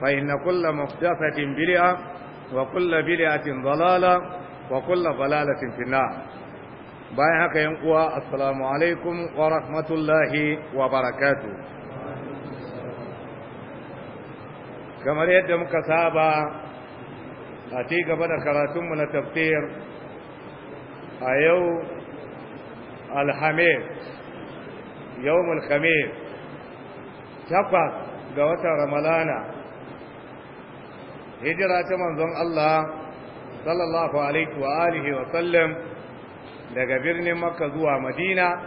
فإن كل محدثة بدعة وكل بدعة ضلالة وكل ضلالة في النار باي هكا ينقوى السلام عليكم ورحمة الله وبركاته كما يد مكسابة أتيك بنا كراتم من التفسير أيو الحميد يوم الخميس تقف ga watan ramalana hijira ta manzon Allah sallallahu alaihi wa alihi wa sallam daga birnin makka zuwa madina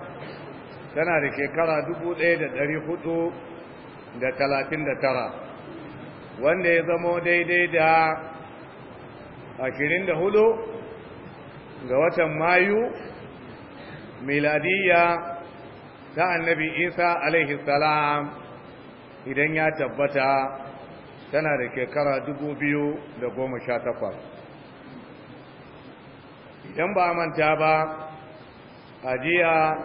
tana da shekara 1439 wanda ya zamo daidai da 24 ga watan mayu miladiya ta annabi isa alaihi salam idan ya tabbata tana da shekara dubu biyu da goma sha takwas idan ba manta ba a jiya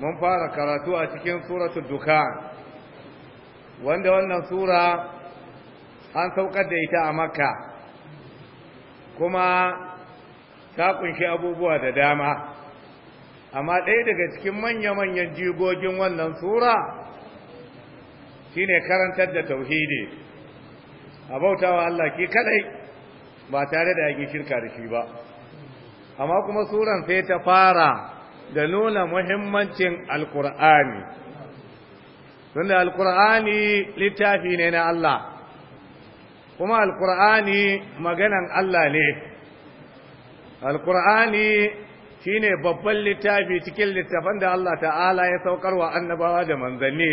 mun fara karatu a cikin suratul duka wanda wannan sura an saukar da ita a makka kuma ta kunshi abubuwa da dama amma ɗaya daga cikin manya-manyan jigogin wannan sura shine karantar da tauhidi a bautawa Allah ke kadai ba tare da yake shirka da shi ba amma kuma suran sai ta fara da nuna muhimmancin alkur'ani tunda alkur'ani littafi ne na Allah kuma alkur'ani maganan Allah ne alkur'ani shine babban littafi cikin littafan da Allah ta'ala ya saukar wa annabawa da manzanni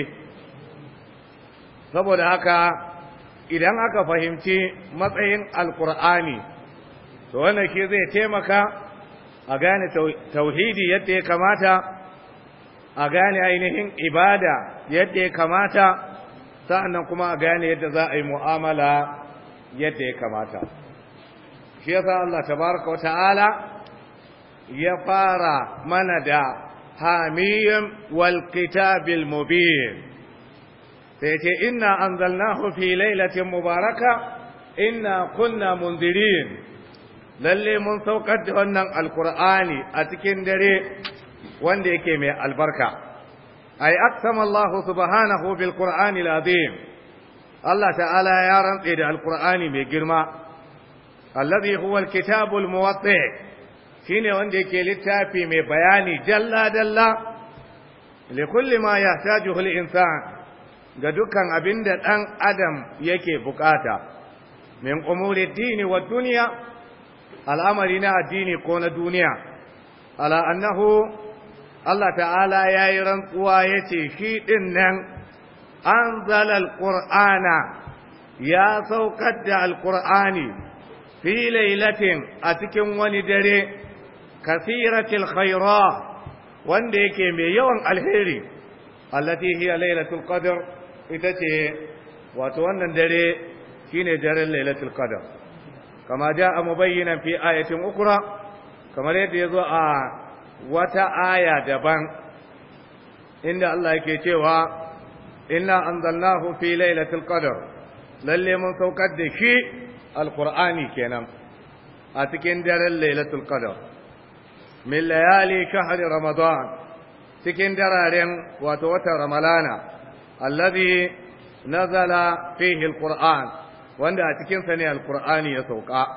saboda haka idan aka fahimci matsayin alkur'ani to wannan shi zai taimaka a gane tauhidi yadda ya kamata a gane ainihin ibada yadda ya kamata sa'annan kuma a gane yadda za a yi mu'amala yadda ya kamata shi yasa Allah tabaraka wa ta'ala ya fara mana da hamiyyam wal kitabil mubin sai ce inna anzalnahu fi lailatin mubaraka inna kunna mundirin. lalle mun saukar da wannan alkur'ani a cikin dare wanda yake mai albarka ay aqsama Allah subhanahu bil qur'ani al Allah ta'ala ya rantse da alkur'ani mai girma alladhi huwa al muwatti shine wanda yake littafi mai bayani dalla dalla li kulli ma yahtajuhu al insan ga dukkan abin da ɗan adam yake bukata min umuri dini wa duniya al'amari na addini ko na duniya ala annahu Allah ta'ala ya yi rantsuwa ya ce shi ɗin nan an zalal ƙur'ana ya saukar da alƙur'ani fi lailatin a cikin wani dare kasiratil khaira wanda yake mai yawan alheri allati hiya lailatul qadr ita ce wato wannan dare shine daren lailatul qadar kama jaa mubayyinan fi ayatin ukra kamar yadda yazo a wata aya daban inda Allah yake cewa inna anzalnahu fi lailatul qadar lalle mun saukar da shi alqur'ani kenan a cikin daren lailatul qadar min layali shahri ramadan cikin dararen wato watan ramalana allazi nazala fihi alquran wanda a cikinsa sa ne alqurani ya sauka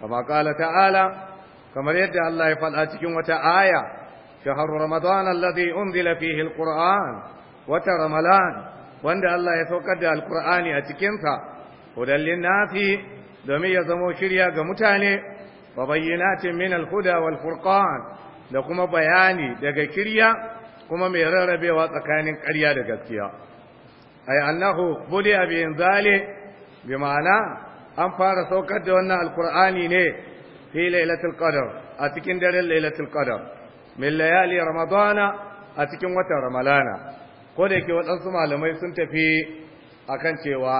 kama Kala ta'ala kamar yadda Allah ya faɗa cikin wata aya shahru ramadan allazi unzila fihi alquran wata ramalan wanda Allah ya saukar da alqurani a cikin sa hudan linnasi domin ya zamo shirya ga mutane wa bayyinatin min alhuda wal furqan da kuma bayani daga kirya kuma mai rarrabewa tsakanin ƙarya da gaskiya ay annahu budi bi inzali bi ma'ana an fara saukar da wannan alqur'ani ne fi lailatul qadr a cikin daren lailatul qadr min layali ramadana a cikin watan ramalana ko da yake waɗansu malamai sun tafi akan cewa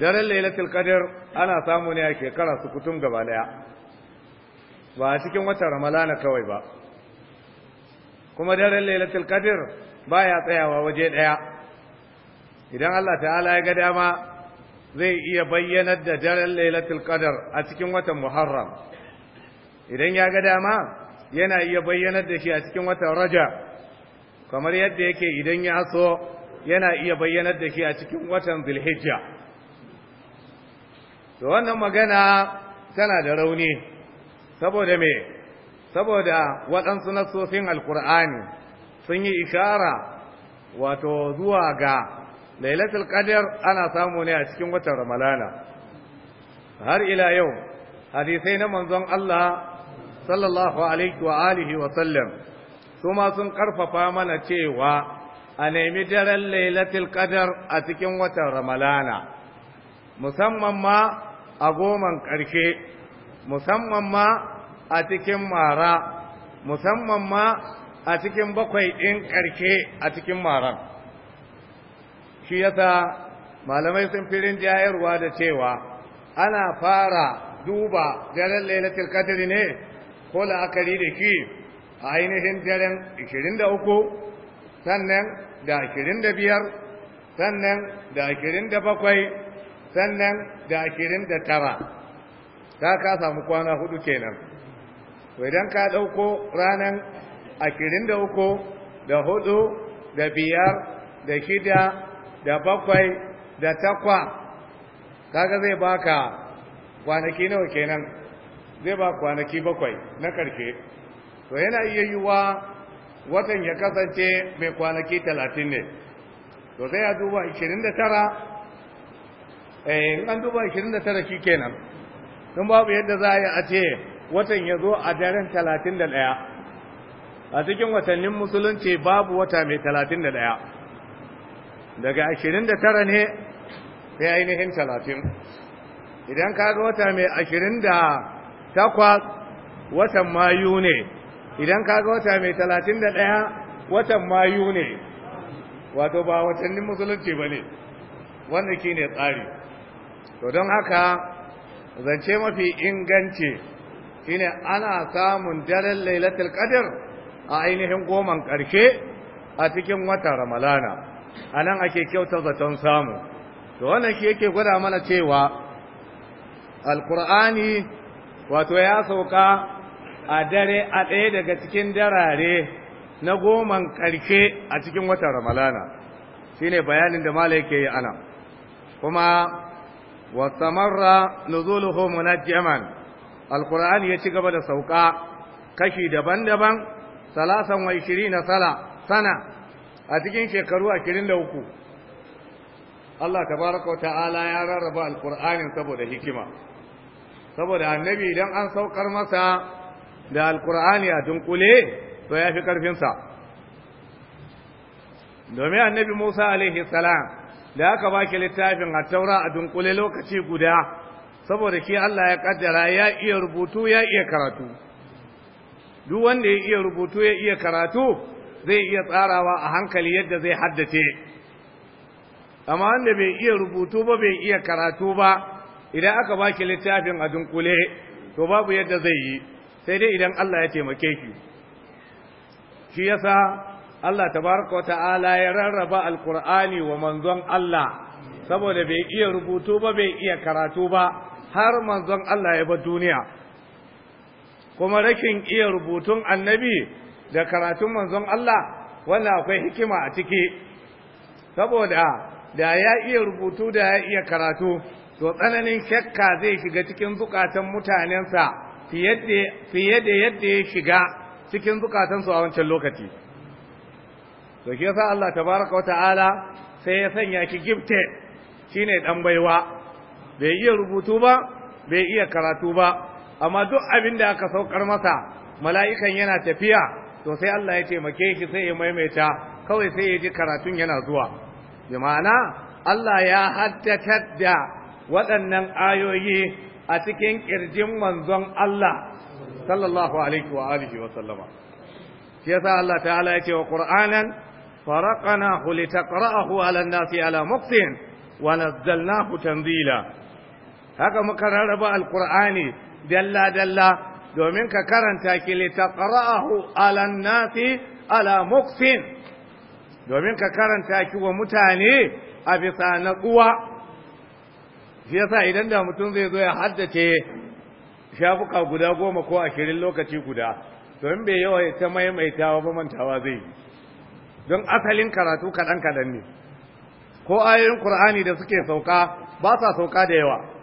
daren lailatul qadr ana samu ne a shekara su kutum gaba daya ba a cikin watan ramalana kawai ba kuma daren lailatul qadr baya tsayawa waje daya idan Allah ta'ala ya ga dama zai iya bayyana da daren lailatul qadr a cikin watan muharram idan ya ga dama yana iya bayyanar da shi a cikin watan raja kamar yadda yake idan ya so yana iya bayyanar da shi a cikin watan zulhijja to wannan magana tana da rauni saboda me saboda waɗansu nasofin Alƙur'ani, sun yi ishara wato zuwa ga lailatul qadr ana samu ne a cikin watan ramalana har ila yau hadisai na manzon Allah sallallahu alaihi wa alihi wa sallam su ma sun karfafa mana cewa a nemi daren lailatul qadr a cikin watan ramalana musamman ma a goman ƙarshe musamman ma a cikin mara musamman ma a cikin bakwai ɗin ƙarshe a cikin maran shi yasa malamai sun firin jayarwa da cewa ana fara duba daren lailatul qadr ne ko la'akari da shi a ainihin daren 23 sannan da 25 sannan da 27 sannan da 29 ta ka samu kwana hudu kenan idan ka ɗauko ranar ashirin da uku da hudu da biyar da shida da bakwai da takwa kaga zai baka kwanaki nawa kenan zai ba kwanaki bakwai na ƙarshe to yana iya yiwuwa watan ya kasance mai kwanaki talatin ne to sai ya duba ashirin da tara eh an duba ashirin da tara 29 kenan. don babu yadda za a yi a ce watan ya zo a daren talatin da ɗaya a cikin watannin musulunci babu wata mai talatin da ɗaya daga ashirin da tara ne sai ainihin talatin idan ka ga wata mai ashirin da takwas watan mayu ne idan ka ga wata mai talatin da ɗaya watan mayu ne wato ba watannin musulunci ba ne wanda shi ne tsari to don haka zance mafi inganci shine ana samun daren lailatul qadr a ainihin goman karshe a cikin wata ramalana anan ake kyautar zaton samu to wannan shi yake gwada mana cewa alqur'ani wato ya sauka a dare a ɗaya daga cikin darare na goman karshe a cikin wata ramalana shine bayanin da mala yake yi ana kuma samarra nuzuluhu munajjaman alkur'ani ya ci gaba da sauka kashi daban-daban salasan wa na sala sana a cikin shekaru ashirin da uku Allah tabaraka wa ta'ala ya rarraba alkur'anin saboda hikima saboda annabi idan an saukar masa da alkur'ani a dunkule to ya fi ƙarfinsa domin annabi musa alaihi salam da aka ba ki littafin a taura a dunƙule lokaci guda saboda shi Allah ya kaddara ya iya rubutu ya iya karatu duk wanda ya iya rubutu ya iya karatu zai iya tsarawa a hankali yadda zai haddace amma wanda bai iya rubutu ba bai iya karatu ba idan aka baki littafin a dunkule to babu yadda zai yi sai dai idan Allah ya taimake ki shi yasa Allah tabaraka Ta'ala ya rarraba alqur'ani wa manzon Allah saboda bai iya rubutu ba bai iya karatu ba har manzon Allah ya bar duniya kuma rakin iya rubutun annabi da karatun manzon Allah wanda akwai hikima a ciki saboda da ya iya rubutu da ya iya karatu to tsananin shakka zai shiga cikin zukatan mutanensa fiye da yadda ya shiga cikin zukatansu a wancan lokaci to shi yasa Allah tabaraka wata'ala sai ya sanya ki gifte shine dan baiwa bai iya rubutu ba bai iya karatu ba amma duk abin da aka saukar masa mala'ikan yana tafiya to sai Allah ya taimake shi sai ya maimaita kawai sai ya ji karatun yana zuwa bi ma'ana Allah ya haddatar da waɗannan ayoyi a cikin ƙirjin manzon Allah sallallahu alaihi wa alihi wa sallama shi yasa Allah ta'ala ya ce wa Qur'anan faraqnahu litaqra'ahu 'ala an-nasi 'ala muqtin wa nazzalnahu tanzila haka muka rarraba alkur'ani dalla dalla domin ka karanta ki taqra'ahu ala nafi ala mukfin domin ka karanta ki wa mutane a bisa kuwa shi yasa idan da mutum zai zo ya haddace shafuka guda goma ko ashirin lokaci guda to bai yawa ta maimaitawa ba mantawa zai yi don asalin karatu kaɗan kaɗan ne ko ayoyin qur'ani da suke sauka ba sa sauka da yawa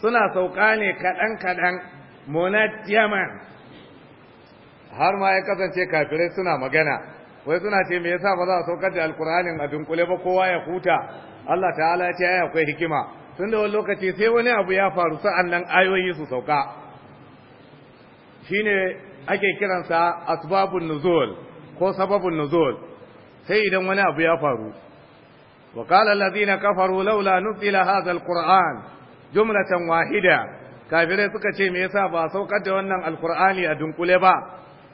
suna sauka ne kaɗan-kaɗan yaman har ma ya kasance kafirai suna magana wai suna ce me yasa ba za a saukar da alkur'anin a dunkule ba kowa ya huta Allah ta'ala ya ce ai akwai hikima tun da wani lokaci sai wani abu ya faru sa'an nan ayoyi su sauka shine ake kiransa asbabun nuzul ko sababun nuzul sai idan wani abu ya faru wa qala allazina kafaru laula nuzila hadha alquran jumlatan wahida kafirai suka ce me yasa ba saukar da wannan alkur'ani a dunkule ba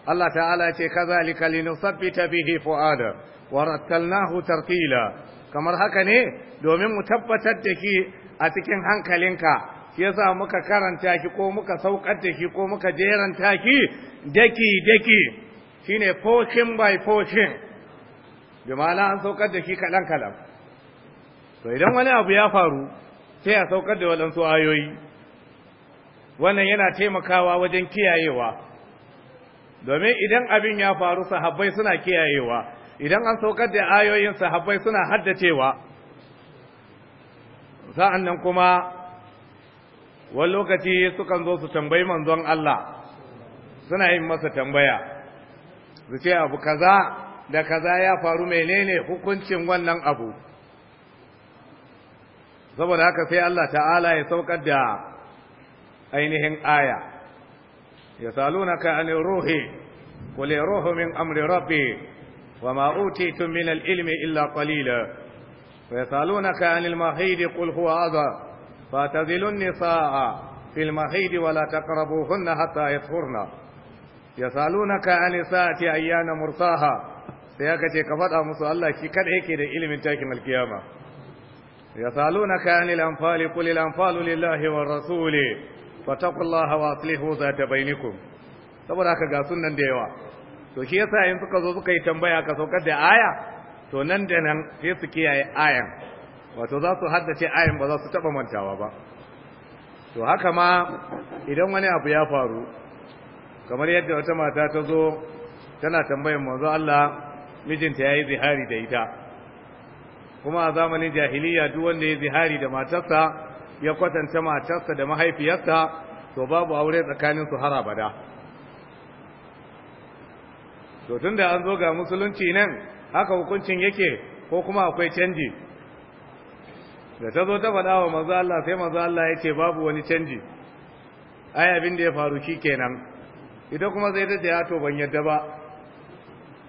Allah ta'ala ya ce kazalika linusabbita bihi fuada wa rattalnahu tartila kamar haka ne domin mu tabbatar da ki a cikin hankalinka shi yasa muka karanta ki ko muka saukar da ki ko muka jeranta ki daki daki shine portion by portion bi ma'ana an saukar da ki kalan kalan to idan wani abu ya faru sai a saukar da waɗansu ayoyi wannan yana taimakawa wajen kiyayewa domin idan abin ya faru sahabbai suna kiyayewa idan an saukar da ayoyin sahabbai suna haddacewa sa'an nan kuma wani lokaci sukan zo su tambayi manzon Allah suna yin masa tambaya su ce abu kaza da kaza ya faru menene hukuncin wannan abu saboda haka sai Allah ta'ala ya saukar da ainihin aya ya saluna ka ruhi kule ruhu min amri rabbi wa ma'uti tun min al’ilmi illa kwalila ya saluna ka anin mahaidi kulhu ba ta zilun nisa'a fil mahaidi wala ta karabu hunna hata ya tsurna ya saluna ka a nisa'ati ayyana mursaha sai aka ce ka faɗa musu Allah shi kaɗa yake da ilimin takin alkiyama يسألونك عن الأنفال قل الأنفال لله والرسول فاتقوا الله وأصلحوا ذات بينكم saboda haka ga sunan da yawa to shi yasa in suka zo suka yi tambaya ka saukar da aya to nan da nan sai su kiyaye ayan wato za su haddace ayan ba za su taba mantawa ba to haka ma idan wani abu ya faru kamar yadda wata mata ta zo tana tambayan manzo Allah mijinta yayi zihari da ita kuma a zamanin jahiliya duk wanda ya zihari da matarsa ya kwatanta matarsa da mahaifiyarsa to babu aure tsakanin su har abada to tunda an zo ga musulunci nan haka hukuncin yake ko kuma akwai canji da ta zo ta faɗa wa manzo Allah sai manzo Allah ya ce babu wani canji ai abin da ya faru shi kenan ita kuma zai ta ce to ban yadda ba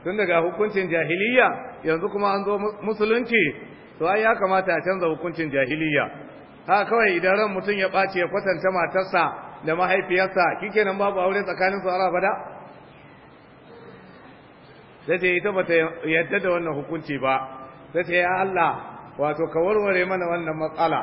tun daga hukuncin jahiliya yanzu kuma an zo musulunci to ai ya kamata a canza hukuncin jahiliya ha kawai idan ran mutum ya ɓaci ya kwatanta matarsa da mahaifiyarsa nan babu aure tsakanin su ara bada sai ta ita bata yadda da wannan hukunci ba sai ta ya Allah wato ka warware mana wannan matsala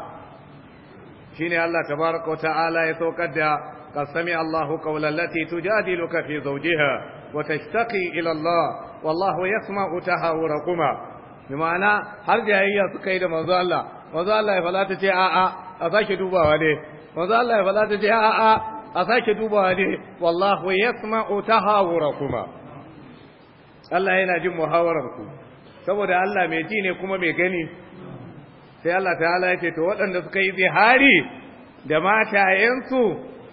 shine Allah tabaraka wa ta'ala ya saukar da qasami Allahu qawlan lati tujadiluka fi zawjiha وتشتقي إلى الله والله يسمع تهاوركما بمعنى هل جاهية سكيد منظر الله منظر الله فلا تجي آآ أساك دوبا وليه منظر الله فلا تجي آآ أساك دوبا وليه والله يسمع تهاوركما الله هنا جم محاوركم saboda Allah mai ji ne kuma mai gani sai Allah ta'ala ya ce to waɗanda suka yi zihari da matayensu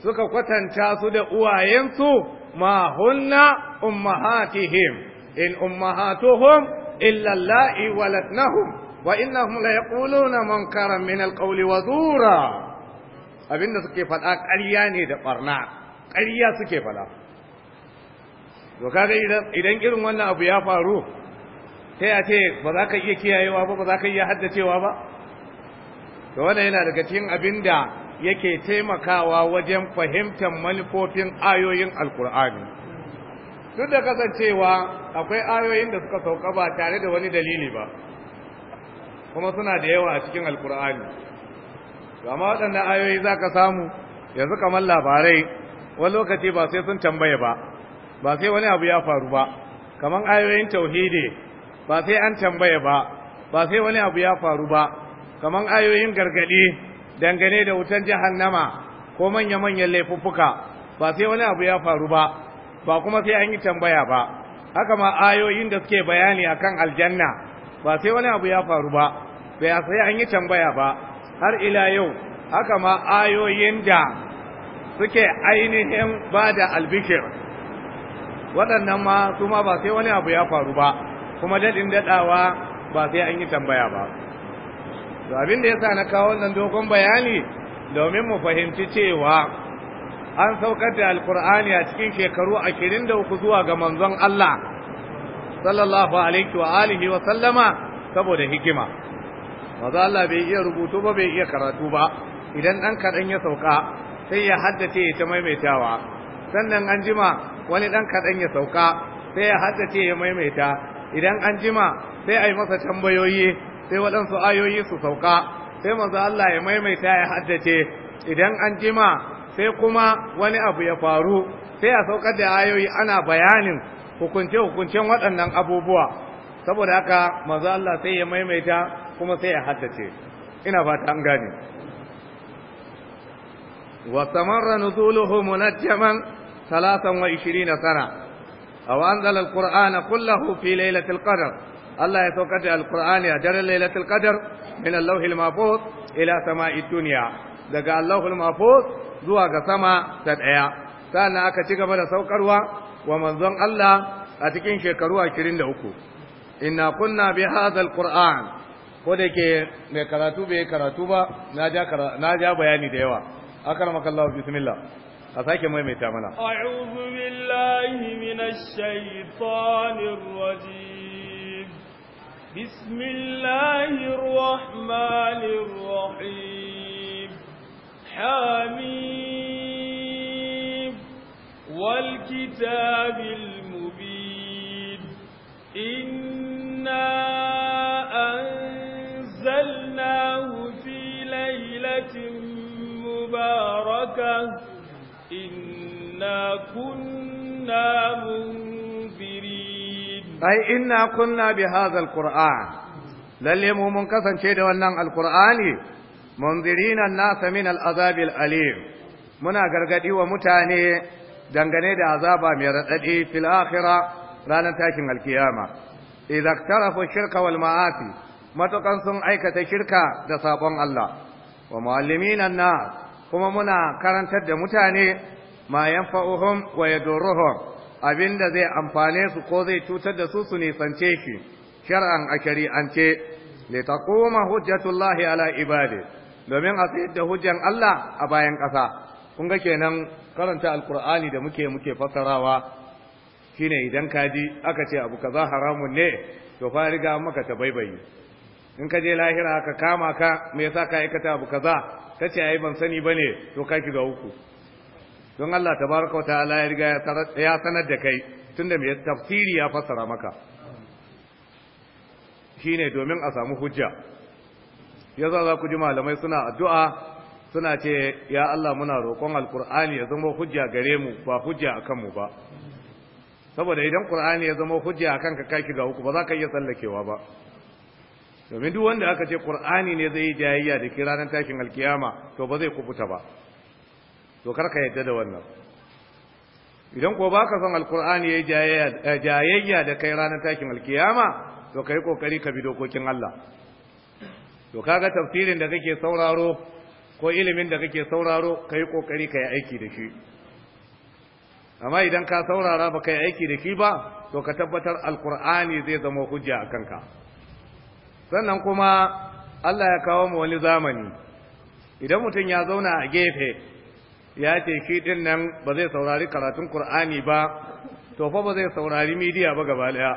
suka kwatanta su da uwayensu ma hunna ummahatihim in ummahatuhum illa allai walatnahum wa innahum la yaquluna munkaran min alqawli wa suke faɗa ƙarya ne da ɓarna ƙarya suke faɗa to kaga idan irin wannan abu ya faru Ta a ce ba za ka iya kiyayewa ba ba za ka iya haddacewa ba to wannan yana daga cikin abinda yake taimakawa wajen fahimtar manufofin ayoyin alkur'ani duk da kasancewa akwai ayoyin da suka sauka ba tare da wani dalili ba kuma suna da yawa a cikin alkur'ani amma waɗanda ayoyi za ka samu yanzu kamar labarai wani lokaci ba sai sun tambaye ba ba sai wani abu ya faru ba kamar ayoyin tauhidi ba sai an tambaye ba ba sai wani abu ya faru ba kamar ayoyin gargaɗi dangane da wutan jahannama ko manya-manyan laifuffuka ba sai wani abu ya faru ba ba kuma sai an yi tambaya ba haka ma ayoyin da suke bayani akan aljanna ba sai wani abu ya faru ba bai sai an yi tambaya ba har ila yau haka ma ayoyin da suke ainihin ba da albishir waɗannan ma su ma ba sai wani abu ya faru ba kuma daɗin daɗawa ba sai an yi tambaya ba to abin da yasa na kawo wannan dogon bayani domin mu fahimci cewa an saukar da alkur'ani a cikin shekaru ashirin da uku zuwa ga manzon Allah sallallahu alaihi wa alihi wa sallama saboda hikima maza Allah bai iya rubutu ba bai iya karatu ba idan dan kaɗan ya sauka sai ya haddace ya ta maimaitawa sannan an jima wani dan kaɗan ya sauka sai ya haddace ya maimaita idan an jima sai a yi masa tambayoyi sai waɗansu ayoyi su sauka sai mazu Allah ya maimaita ya haddace idan an jima sai kuma wani abu ya faru sai a saukar da ayoyi ana bayanin hukunce hukuncen waɗannan abubuwa saboda haka mazu Allah sai ya maimaita kuma sai ya haddace ina fata an gane wa samarra nuzuluhu munajjaman ishirina sana a wanzalar Kur'ana kullahu fi lailatul qadr Allah ya saukar da alkur'ani a daren lailatul qadar min allahil mahfuz ila sama'id dunya daga allahul mahfuz zuwa ga sama ta daya sannan aka ci gaba da saukarwa wa manzon Allah a cikin shekaru 23 inna kunna bi hadha alquran ko da ke mai karatu bai karatu ba na ja bayani da yawa akramakallahu bismillah أفاكم ويميتا منا أعوذ بالله من الشيطان الرجيم بسم الله الرحمن الرحيم حميم والكتاب المبين إنا أنزلناه في ليلة مباركة إنا كنا منذ ai inna kunna bi hadha alquran lalle mu mun kasance da wannan alqur'ani munzirina an-nas min al'azab alim muna gargadi wa mutane dangane da azaba mai radadi fil akhirah ranar takin alkiyama idza iktarafu shirka wal ma'asi matukan sun aikata shirka da sabon Allah wa muallimina an-nas kuma muna karantar da mutane ma yanfa'uhum wa yadurruhum abin da zai amfane su ko zai cutar da su su nisance shi shar'an a shari'ance ta koma hujjatullahi ala ibadi domin a tsayar da hujjan Allah a bayan ƙasa kun ga kenan karanta alqur'ani da muke muke fassarawa shine idan ka ji aka ce abu kaza haramun ne to fa riga maka ta baibayi in ka je lahira ka kama ka me yasa ka aikata abu kaza kace ai ban sani bane to ka kiga uku don Allah ta wata ala ya riga ya sanar da kai tunda mai tafsiri ya fassara maka Shi ne domin a samu hujja ya za ku ji malamai suna addu'a suna ce ya Allah muna roƙon Alƙur'ani ya zama hujja gare mu ba hujja a kanmu ba saboda idan ƙur'ani ya zama hujja a kanka kaki ga uku ba za ka iya tsallakewa ba domin duk wanda aka ce ƙur'ani ne zai yi jayayya da ke ranar takin alkiyama to ba zai kubuta ba to ka yadda da wannan idan ko baka son alkur'ani yayi eh, jayayya da kai ranar takin alkiyama to kai kokari ka bi dokokin Allah to kaga tafsirin da kake sauraro ko ilimin da kake sauraro kai kokari kai aiki da shi amma idan ka saurara ba kai aiki da shi ba to ka tabbatar alkur'ani zai zama hujja a kanka sannan kuma Allah ya kawo mu wani zamani idan mutum ya zauna a gefe ya ce shi din nan ba zai saurari karatun ƙur'ani ba to fa ba zai saurari media ba gaba daya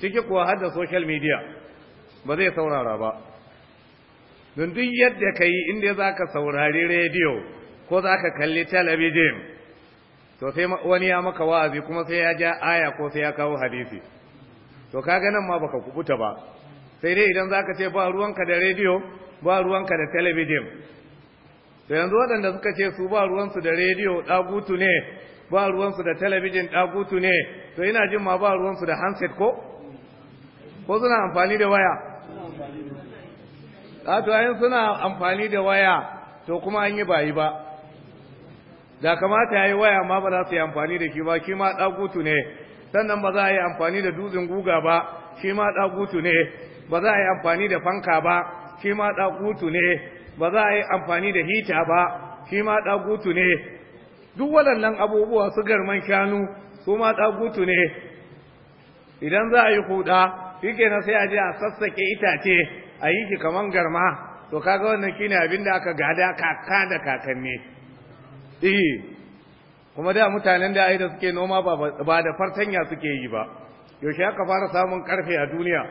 ciki kuwa har da social media ba zai saurara ba don duk yadda ka yi inda za ka saurari rediyo ko za ka kalli talabijin to sai wani ya maka wa'azi kuma sai ya ja aya ko sai ya kawo hadisi to kaga nan ma baka kubuta ba sai dai idan za ka ce ba ruwanka da rediyo ba ruwanka da talabijin da yanzu waɗanda suka ce su ba ruwansu da rediyo ɗagutu ne ba ruwansu da talabijin ɗagutu ne to ina jin ma ba ruwansu da handset ko ko suna amfani da waya a to ayin suna amfani da waya to kuma an yi bayi ba da kamata ya yi waya ma ba za su yi amfani da shi ba shi ma ɗagutu ne sannan ba za a yi amfani da dutsen guga ba shi ma ɗagutu ne ba za a yi amfani da fanka ba shi ma ɗagutu ne ba za a yi amfani da hita ba shi ma ɗagutu ne duk waɗannan abubuwa su garman shanu su ma ɗagutu ne idan za a yi huda shi na sai a je a sassake itace a yi shi kamar garma to kaga wannan shine abin da aka gada kaka da kakanni eh kuma da mutanen da ai da suke noma ba da fartanya suke yi ba yaushe aka fara samun karfe a duniya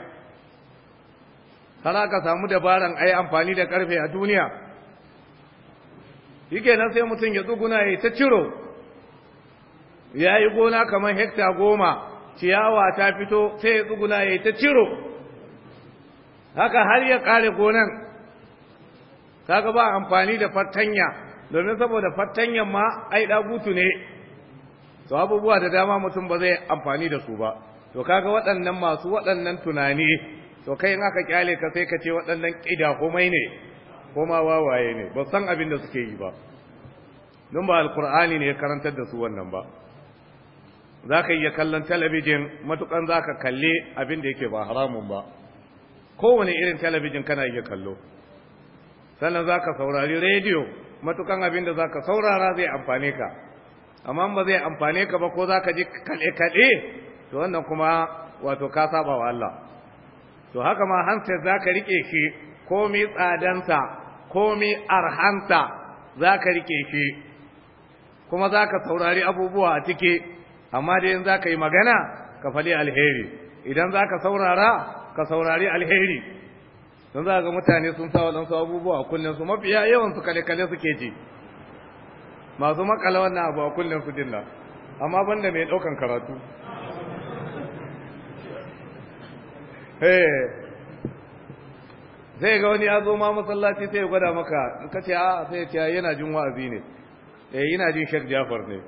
har ka samu dabaran ai amfani da karfe a duniya yake nan sai mutum ya tsuguna ya ta ciro ya yi gona kamar hekta goma ciyawa ta fito sai ya tsuguna ya ta ciro haka har ya kare gonan kaga ba amfani da fatanya domin saboda fatanyan ma ai dagutu ne to abubuwa da dama mutum ba zai amfani da su ba to kaga waɗannan masu waɗannan tunani to kai in aka kyale ka sai ka ce waɗannan ƙida komai ne koma wawaye ne ba san abin da suke yi ba don ba alkur'ani ne ya karantar da su wannan ba za ka iya kallon talabijin matukan za ka kalle abin da yake ba haramun ba kowane irin talabijin kana iya kallo sannan za ka saurari rediyo matukan abin da za ka saurara zai amfane ka amma ba zai amfane ka ba ko za ka ji kaɗe-kaɗe to wannan kuma wato ka saba wa Allah to haka ma hanta za ka rike shi komi tsadansa komi arhanta za ka rike shi kuma za ka saurari abubuwa a cike, amma dai in za ka yi magana ka fali alheri idan za ka saurara ka saurari alheri don za ga mutane sun sa waɗansu abubuwa a kullum su mafiya yawan su kale-kale suke ji masu makala wannan abu a kullum su dinna amma banda mai ɗaukan karatu Eh. zai ga wani ya zo ma masallaci sai ya gwada maka in ka ce a sai ya ce yana jin wa'azi ne eh yana jin shek jafar ne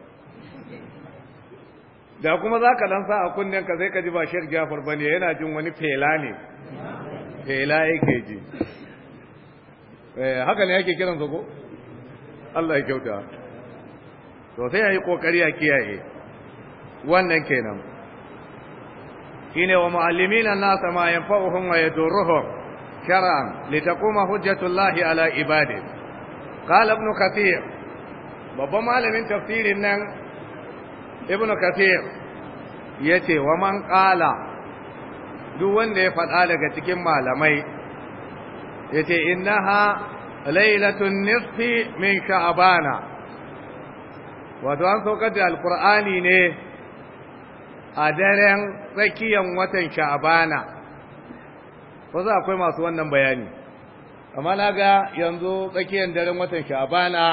da kuma za ka lansa a kunnen ka sai ka ji ba shek jafar ba ne yana jin wani fela ne fela yake ji eh, haka ne yake kiran ko Allah ya kyauta to sai ya yi kokari ya kiyaye wannan kenan shine wa muallimina nasa ma yanfa'uhum wa yadurruhum shar'an litaquma hujjatullahi ala ibadi qala ibn kathir babban malamin tafsirin nan ibn kathir yace wa man qala duk wanda ya faɗa daga cikin malamai yace innaha lailatun nisfi min sha'bana wato an saukar da alqur'ani ne a daren tsakiyar watan sha'abana wasu akwai masu wannan bayani amma na ga yanzu tsakiyar daren watan sha'abana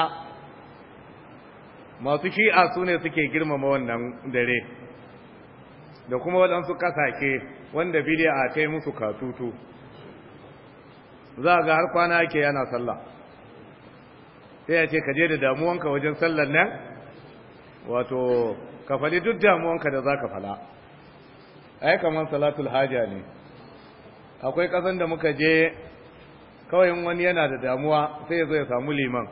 masu shi'a su ne suke girmama wannan dare da kuma waɗansu ƙasashe wanda bidiya ta yi musu katutu za ga har kwana ake yana sallah sai ya ce ka je da damuwanka wajen sallar nan wato ka faɗi duk damuwanka da za ka fala ai kamar salatul haja ne akwai ƙasan da muka je kawai wani yana da damuwa sai ya ya samu liman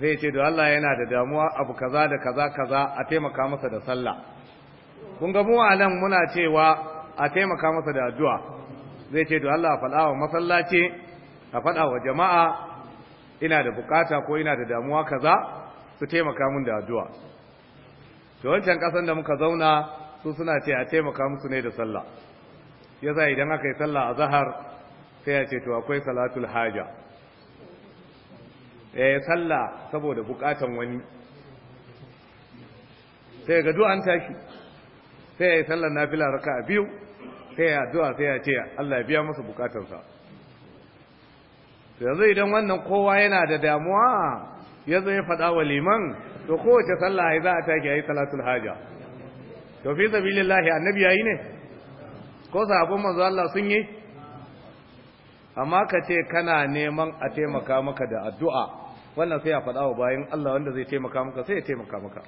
zai ce da Allah yana da damuwa abu kaza da kaza kaza a taimaka masa da sallah kun ga mu a nan muna cewa a taimaka masa da addu'a zai ce da Allah a faɗa wa masallaci a faɗa wa jama'a ina da bukata ko ina da damuwa kaza su taimaka mun da addu'a da wancan kasan da muka zauna su suna ce a taimaka musu ne da sallah ya yasa idan aka yi sallah a zahar sai ya ce to akwai salatul haja yi eh, sallah saboda bukatan wani sai ga du'an tashi sai ya yi sallar raka a biyu sai ya du'a sai ya ce Allah ya biya masa bukatansa yanzu idan wannan kowa yana da damuwa ya zo ya faɗa wa liman to kowace sallah ya za a take yayi salatul haja to fi sabilillahi annabi yayi ne ko sahabban manzo Allah sun yi amma ka ce kana neman a taimaka maka da addu'a wannan sai ya faɗa wa bayan Allah wanda zai taimaka maka sai ya taimaka maka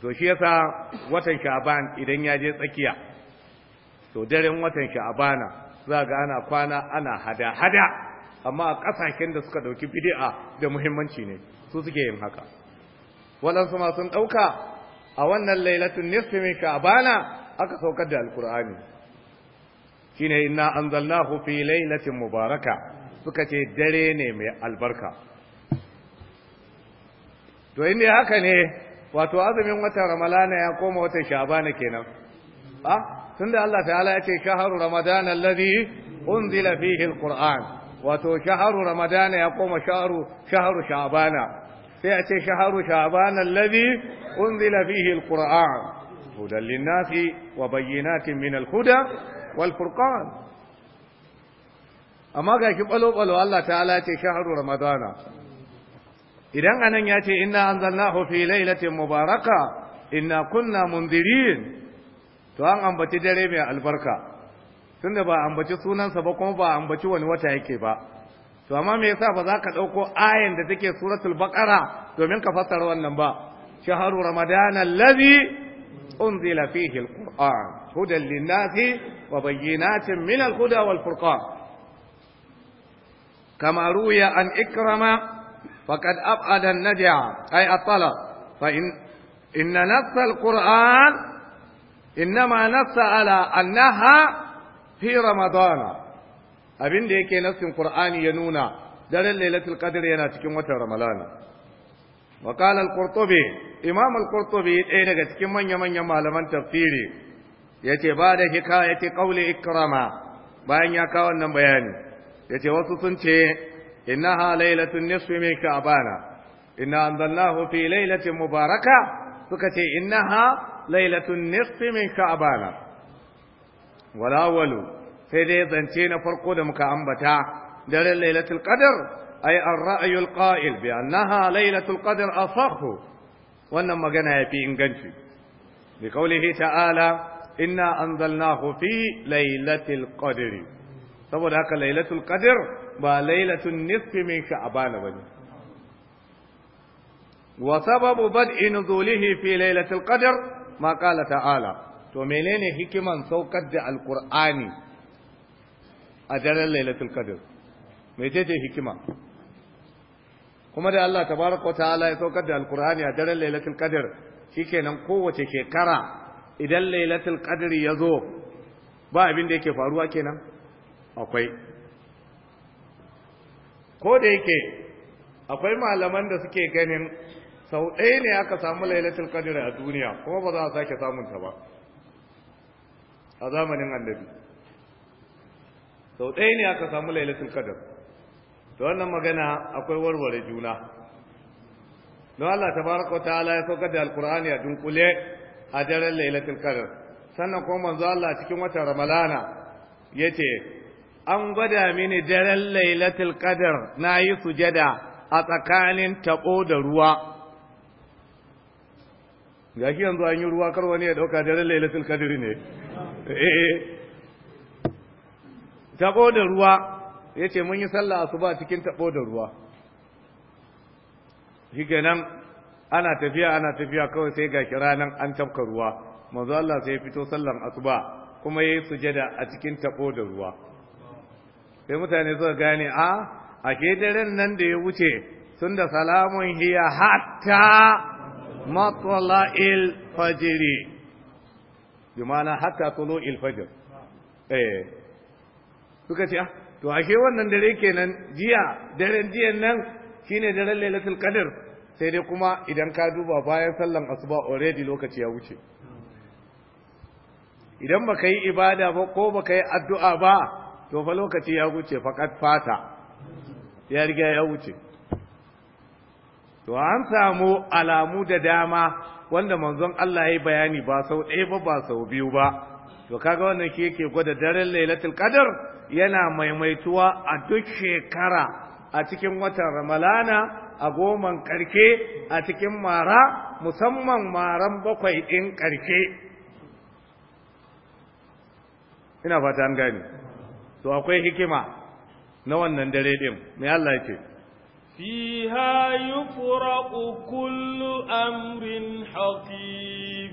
to shi yasa watan sha'ban idan ya je tsakiya to daren watan sha'bana za ga ana kwana ana hada hada amma a ƙasashen da suka ɗauki bidi'a da muhimmanci ne su suke yin haka waɗansu ma sun ɗauka a wannan lailatun nisfi mai kabana aka saukar da alkur'ani shine inna anzalnahu fi lailatin mubaraka suka ce dare ne mai albarka to inda haka ne wato azumin watan ramalana ya koma watan shabana kenan a ah, tunda Allah ta'ala ya ce shahru ramadana allazi unzila fihi alquran wato shaharu ramadana ya koma shaharu shaharu sha'bana sai a ce shaharu sha'bana alladhi unzila fihi alquran hudan linnasi wa bayyinatin min alhuda wal furqan amma ga shi balo balo Allah ta'ala ce shaharu ramadana idan anan ya ce inna anzalnahu fi lailatin mubaraka inna kunna mundirin to an ambaci dare mai albarka tunda ba ambaci sunansa ba kuma ba ambaci wani wata yake ba to amma me yasa ba za ka ɗauko ayan da take suratul baqara domin ka fassara wannan ba shahru ramadana allazi unzila fihi alquran hudan linnasi wa bayyinatin min alhuda wal furqan kama ruya an ikrama فقد أبعد النجع أي الطلب فإن إن نص القرآن إنما نص على أنها fi ramadana abin da yake nassin qur'ani ya nuna daren lailatul qadr yana cikin watan ramadana wa qala al-qurtubi imam al-qurtubi ɗaya daga cikin manya manyan malaman tafsiri yace ba da hikayati qawli ikrama bayan ya kawo wannan bayani yace wasu sun ce innaha lailatul nisfi min ka'bana inna anzalnahu fi lailatin mubaraka suka ce innaha lailatul nisfi min ka'bana wal awwalu sai dai zance na farko da muka ambata daren lailatul qadar ay ar-ra'yul qa'il bi annaha lailatul qadar asahhu wannan magana yafi inganci bi qawlihi ta'ala inna anzalnahu fi lailatul qadri saboda haka lailatul qadr ba lailatul nisfi min sha'ban bane wa sababu bad'i nuzulihi fi lailatul qadr ma qala ta'ala to menene hikiman saukar da alqur'ani a daren lailatul qadr mai ce hikima kuma da Allah tabaraka ta'ala ya saukar da alqur'ani a daren lailatul qadr shikenan kowace shekara idan lailatul qadr ya zo ba abin da yake faruwa kenan akwai ko da yake akwai malaman da suke ganin sau ɗaya ne aka samu lailatul qadr a duniya kuma ba za a sake samunta ba a zamanin annabi sau ɗaya ne aka samu lailatul qadar to wannan magana akwai warware juna don Allah tabaraka ta'ala ya saukar da alqur'ani a dunkule a daren lailatul qadar sannan kuma manzo Allah cikin watan ramalana ce an gwada mini daren lailatul na yi sujada a tsakanin taɓo da ruwa ga shi yanzu an yi ruwa kar wani ya dauka daren lailatul qadr ne eh, eh, eh. tabo da ruwa ya ce mun yi sallah asuba cikin tabo da ruwa Shi shikenan ana tafiya ana tafiya kawai sai ga nan an tafka ruwa manzo Allah sai ya fito sallan asuba kuma yayi sujada a cikin tabo da ruwa sai mutane suka gane a a ke daren nan da ya wuce sun da salamun hiya hatta il fajiri bi ma'ana hatta tulu il fajr eh suka ce ah, to ake wannan dare kenan jiya daren jiya nan shine daren lailatul qadr sai dai kuma idan ka duba bayan sallan asuba already lokaci ya wuce idan baka yi ibada ba ko baka yi addu'a ba to fa lokaci ya wuce faqat fata ya riga ya wuce to an samu alamu da dama wanda manzon Allah ya yi bayani ba sau ɗaya ba ba sau biyu ba to kaga wannan ke yake gwada daren lailatul qadr yana maimaituwa a duk shekara a cikin watan ramalana a goman karke a cikin mara musamman maran bakwai ɗin karke ina fata an gani to akwai hikima na wannan dare ɗin mai Allah yake fiha yufraqu kullu amrin hakim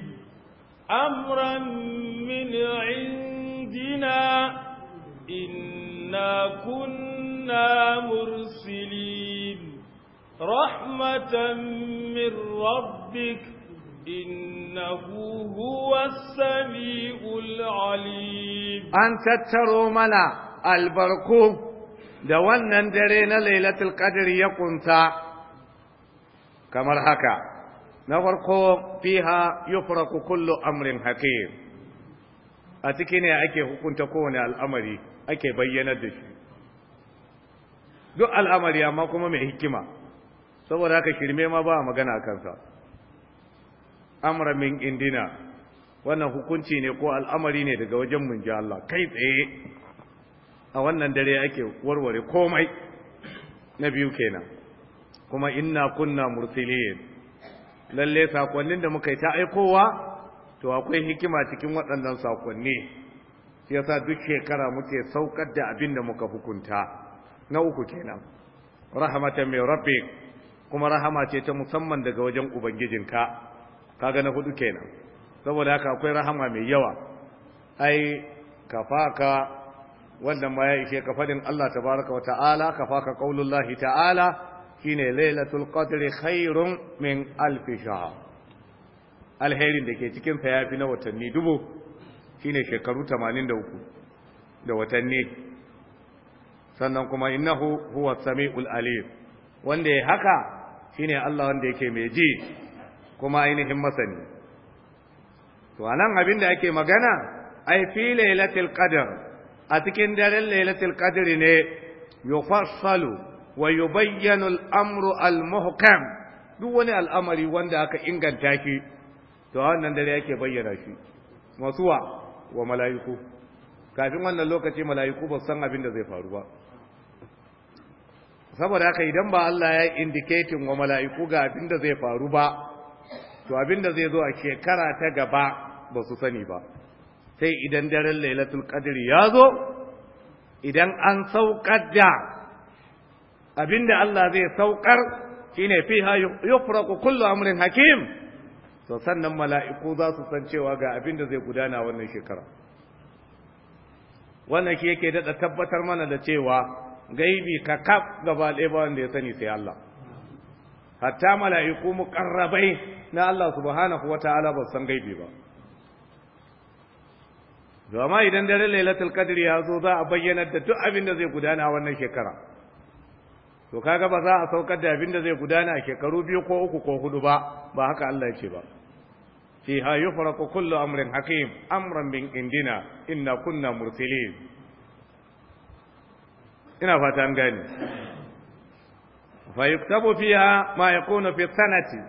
amran min indina inna kunna mursilin rahmatan min rabbik innahu huwas samiul alim an tattaro mana albarku da wannan dare na lailatul qadri ya kunta kamar haka na farko fiha yufraku kullu amrin hakim a ciki ne ake hukunta kowane al'amari ake bayyanar da shi duk al'amari amma kuma mai hikima saboda haka shirme ma ba magana kansa amra min indina wannan hukunci ne ko al'amari ne daga wajen mun Allah kai tsaye a wannan dare ake warware komai na biyu kenan kuma inna kunna mursilin lalle sakonnin da muka yi ta aikowa to akwai hikima cikin waɗannan sakonni yasa duk shekara muke saukar da abin da muka hukunta na uku kenan rahmatan min rabbik kuma rahama ce ta musamman daga wajen ubangijinka kaga na hudu kenan saboda haka akwai rahama mai yawa ai kafaka wannan ma ya ishe ka fadin Allah tabaraka wa ta'ala kafaka qaulullahi ta'ala shine lailatul qadri khairun min alf shahr alherin da ke cikin fayafi na watanni dubu shine shekaru 83 da watanni sannan kuma innahu huwa samiul alim wanda ya haka shine Allah wanda yake mai ji kuma ainihin masani to anan abin da ake magana ai fi lailatul qadr a cikin daren lailatul qadr ne yufassalu wa yubayyanu al-amru al-muhkam duk wani al'amari wanda aka inganta shi to wannan dare yake bayyana shi masuwa wa mala'iku kafin wannan lokaci mala'iku ba san abin da zai faru ba saboda haka idan ba Allah ya indicating wa mala'iku ga abin da zai faru ba to abin da zai zo a shekara ta gaba ba su sani ba sai idan daren lailatul qadri ya zo idan an saukar da abin da Allah zai saukar shine fiha yufraqu kullu amrin hakim so sannan mala'iku za su san cewa ga abin da zai gudana wannan shekara wannan ke yake daɗa tabbatar mana da cewa gaibi ka kaf gaba ɗaya ba wanda ya sani sai Allah hatta mala'iku muƙarrabai na Allah su subhanahu wa ta'ala ba san gaibi ba domin idan dare lailatul ya zo za a bayyana da duk abin da zai gudana wannan shekara to kaga ba za a saukar da abin da zai gudana a shekaru biyu ko uku ko hudu ba ba haka Allah ya ce ba ha yufraqu kullu amrin hakim amran min indina inna kunna mursilin ina fata an gani. fa yuktabu fiha ma yakunu fi sanati